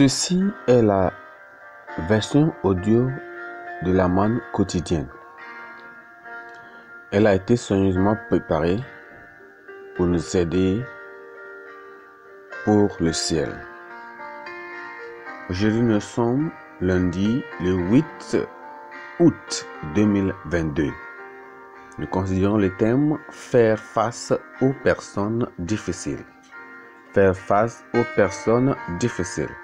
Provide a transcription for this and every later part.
Ceci est la version audio de la manne quotidienne. Elle a été soigneusement préparée pour nous aider pour le ciel. Aujourd'hui, nous sommes lundi le 8 août 2022. Nous considérons le thème Faire face aux personnes difficiles. Faire face aux personnes difficiles.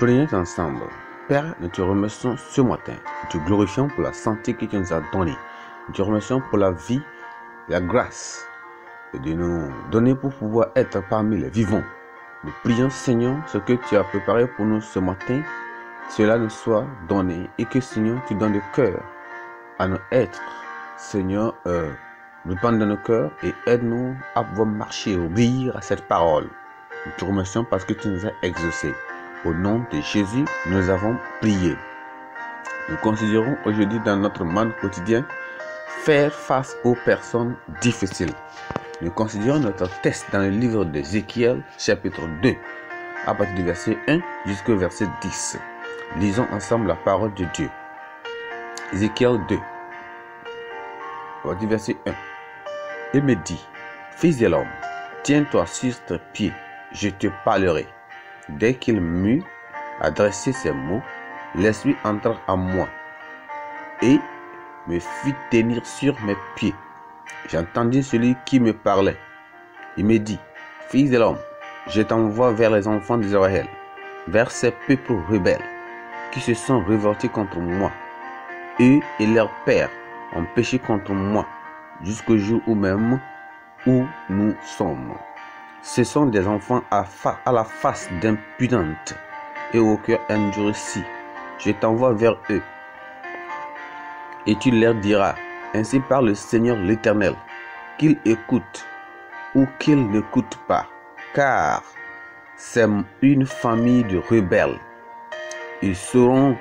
Prions ensemble. Père, nous te remercions ce matin. Nous te glorifions pour la santé que tu nous as donnée. Nous te remercions pour la vie, la grâce de nous donner pour pouvoir être parmi les vivants. Nous prions, Seigneur, ce que tu as préparé pour nous ce matin, cela nous soit donné et que, Seigneur, tu donnes le cœur à euh, nous être. Seigneur, nous prends dans nos cœurs et aide-nous à pouvoir marcher, obéir à cette parole. Nous te remercions parce que tu nous as exaucés. Au nom de Jésus, nous avons prié. Nous considérons aujourd'hui dans notre monde quotidien faire face aux personnes difficiles. Nous considérons notre test dans le livre d'Ézéchiel, chapitre 2, à partir du verset 1 jusqu'au verset 10. Lisons ensemble la parole de Dieu. Ézéchiel 2, verset 1. Il me dit, Fils de l'homme, tiens-toi sur tes pieds, je te parlerai. Dès qu'il m'eut adressé ces mots, l'esprit entra en moi et me fit tenir sur mes pieds. J'entendis celui qui me parlait. Il me dit, Fils de l'homme, je t'envoie vers les enfants d'Israël, vers ces peuples rebelles qui se sont révoltés contre moi. Eux et leurs pères ont péché contre moi jusqu'au jour où même où nous sommes. Ce sont des enfants à, la face d'impudente et au cœur endurci. Je t'envoie vers eux. Et tu leur diras, ainsi par le Seigneur l'Éternel, qu'ils écoutent ou qu'ils n'écoutent pas, car c'est une famille de rebelles. Ils sauront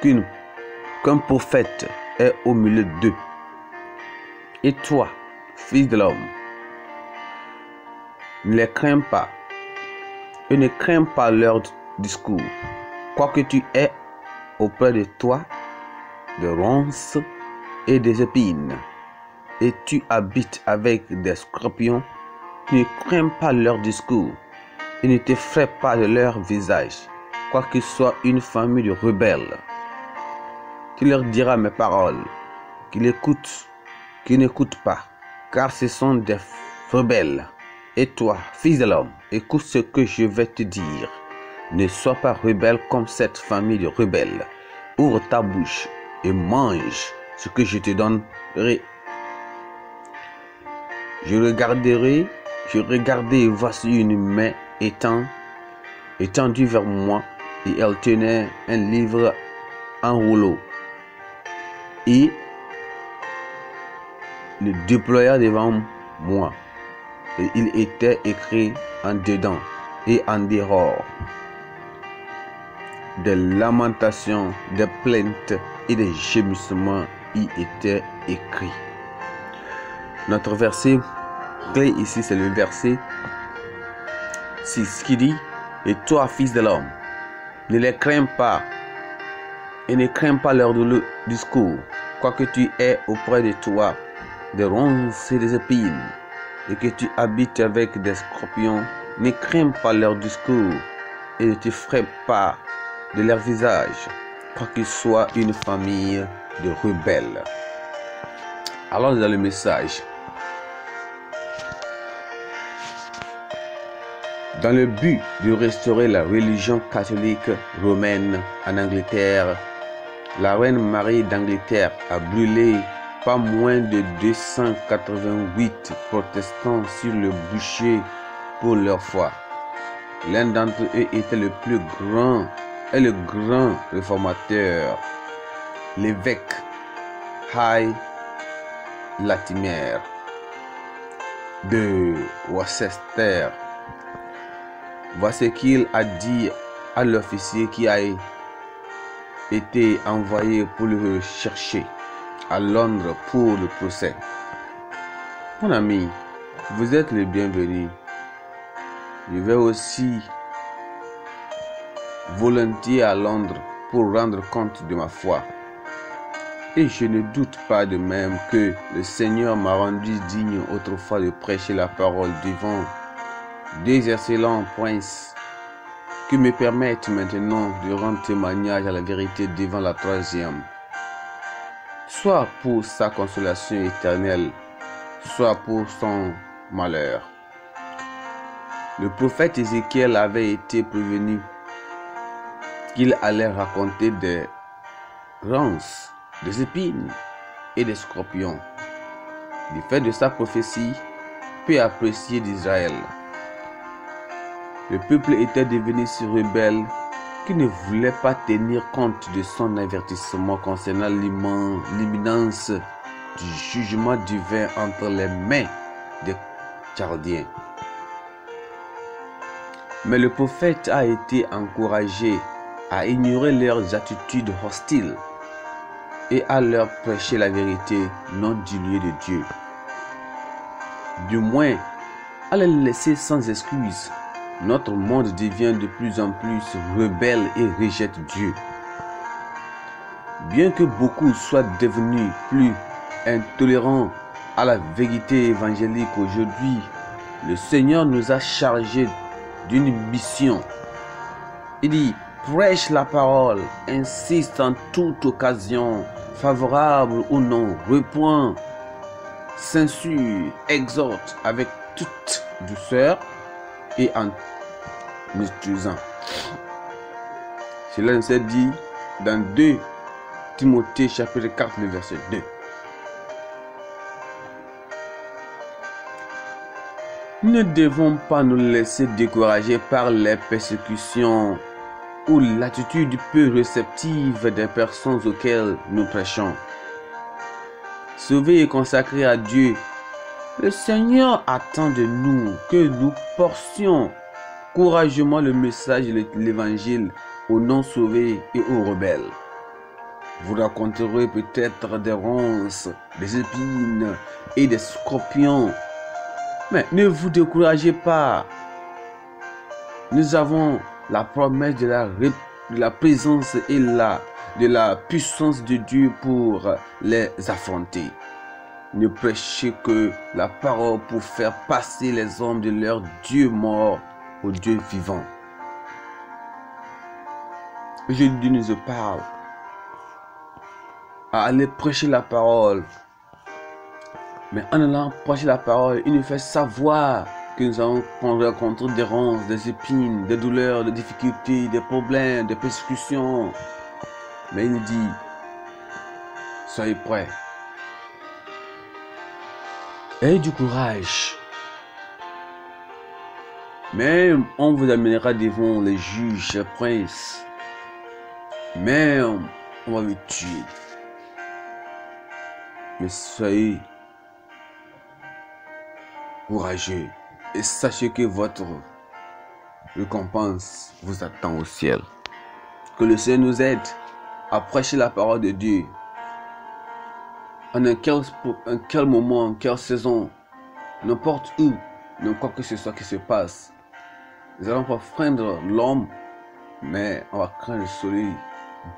qu'un prophète est au milieu d'eux. Et toi, fils de l'homme, ne les crains pas et ne crains pas leur discours. Quoique tu aies auprès de toi de ronces et des épines, et tu habites avec des scorpions, ne crains pas leur discours et ne t'effraie pas de leur visage, Quoi qu'il soit une famille de rebelles. Tu leur diras mes paroles, qu'ils écoutent, qu'ils n'écoutent pas, car ce sont des rebelles. Et toi, fils de l'homme, écoute ce que je vais te dire. Ne sois pas rebelle comme cette famille de rebelles. Ouvre ta bouche et mange ce que je te donnerai. Je regarderai, je regardais et voici une main étendue vers moi et elle tenait un livre en rouleau. Et le déploya devant moi et il était écrit en dedans et en dehors. Des lamentations, des plaintes et des gémissements y étaient écrits. Notre verset clé ici, c'est le verset 6 qui dit Et toi, fils de l'homme, ne les crains pas et ne crains pas leur discours, quoique tu aies auprès de toi des ronces et des épines et que tu habites avec des scorpions, ne crains pas leur discours et ne te frappe pas de leur visage, quoi qu'ils soient une famille de rebelles. Allons dans le message. Dans le but de restaurer la religion catholique romaine en Angleterre, la reine Marie d'Angleterre a brûlé pas moins de 288 protestants sur le bûcher pour leur foi. L'un d'entre eux était le plus grand et le grand réformateur, l'évêque High Latimer de Worcester. Voici ce qu'il a dit à l'officier qui a été envoyé pour le chercher. Londres pour le procès. Mon ami, vous êtes le bienvenus. Je vais aussi volontiers à Londres pour rendre compte de ma foi. Et je ne doute pas de même que le Seigneur m'a rendu digne autrefois de prêcher la parole devant des excellents princes qui me permettent maintenant de rendre témoignage à la vérité devant la troisième soit pour sa consolation éternelle, soit pour son malheur. Le prophète Ézéchiel avait été prévenu qu'il allait raconter des rances, des épines et des scorpions. Du fait de sa prophétie, peu apprécié d'Israël. Le peuple était devenu si rebelle qui ne voulait pas tenir compte de son avertissement concernant l'imminence du jugement divin entre les mains des Chardiens. Mais le prophète a été encouragé à ignorer leurs attitudes hostiles et à leur prêcher la vérité non diluée de Dieu. Du moins, à les laisser sans excuse notre monde devient de plus en plus rebelle et rejette Dieu. Bien que beaucoup soient devenus plus intolérants à la vérité évangélique aujourd'hui, le Seigneur nous a chargés d'une mission. Il dit, prêche la parole, insiste en toute occasion, favorable ou non, repoint, censure, exhorte avec toute douceur et en instruisant. Cela nous est dit dans 2 Timothée chapitre 4, le verset 2. Ne devons pas nous laisser décourager par les persécutions ou l'attitude peu réceptive des personnes auxquelles nous prêchons. sauver et consacrer à Dieu le Seigneur attend de nous que nous portions courageusement le message de l'Évangile aux non-sauvés et aux rebelles. Vous raconterez peut-être des ronces, des épines et des scorpions. Mais ne vous découragez pas. Nous avons la promesse de la, présence et de la puissance de Dieu pour les affronter ne prêchez que la parole pour faire passer les hommes de leur Dieu mort au Dieu vivant. Jésus nous parle à aller prêcher la parole. Mais en allant prêcher la parole, il nous fait savoir que nous allons rencontrer des ronces, des épines, des douleurs, des difficultés, des problèmes, des persécutions. Mais il nous dit, soyez prêts. Ayez eh, du courage. même on vous amènera devant les juges, et princes. même on va vous tuer. Mais soyez courageux et sachez que votre récompense vous attend au ciel. Que le Seigneur nous aide à prêcher la parole de Dieu en un quel, moment, en quelle saison, n'importe où, dans quoi que ce soit qui se passe. Nous allons pas freindre l'homme, mais on va craindre celui,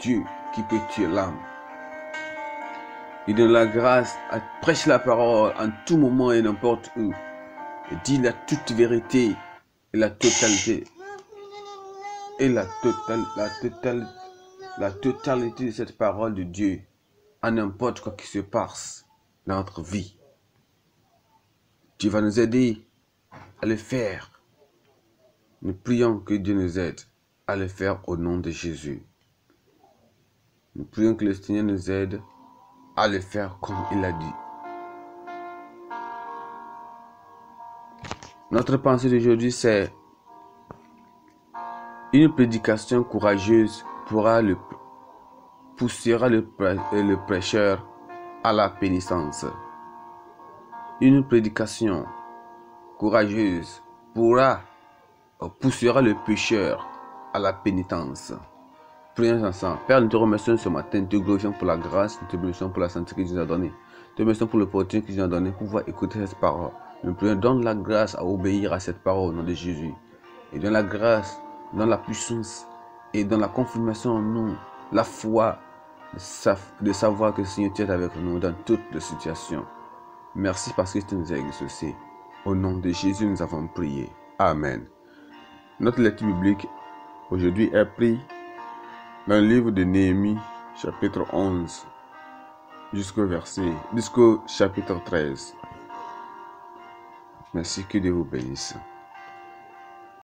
Dieu, qui peut tuer l'âme. Il donne la grâce à prêcher la parole en tout moment et n'importe où. Il dit la toute vérité et la totalité. Et la, totale, la, la totalité de cette parole de Dieu n'importe quoi qui se passe dans notre vie. Tu vas nous aider à le faire. Nous prions que Dieu nous aide à le faire au nom de Jésus. Nous prions que le Seigneur nous aide à le faire comme il a dit. Notre pensée d'aujourd'hui, c'est une prédication courageuse pourra le poussera le, le prêcheur à la pénitence. Une prédication courageuse pourra euh, poussera le pécheur à la pénitence. Prions ensemble. Père, nous te remercions ce matin. Nous te glorifions pour la grâce. Nous te remercions pour la santé que tu nous as donnée. Nous te remercions pour l'opportunité que tu nous as donnée pour pouvoir écouter cette parole. Nous prions, donne la grâce à obéir à cette parole au nom de Jésus. Et donne la grâce, donne la puissance et donne la confirmation en nous la foi de savoir que le Seigneur est avec nous dans toutes les situations. Merci parce que tu nous as exaucés. Au nom de Jésus, nous avons prié. Amen. Notre lecture biblique aujourd'hui est prise dans le livre de Néhémie, chapitre 11, jusqu'au verset, jusqu'au chapitre 13. Merci que Dieu vous bénisse.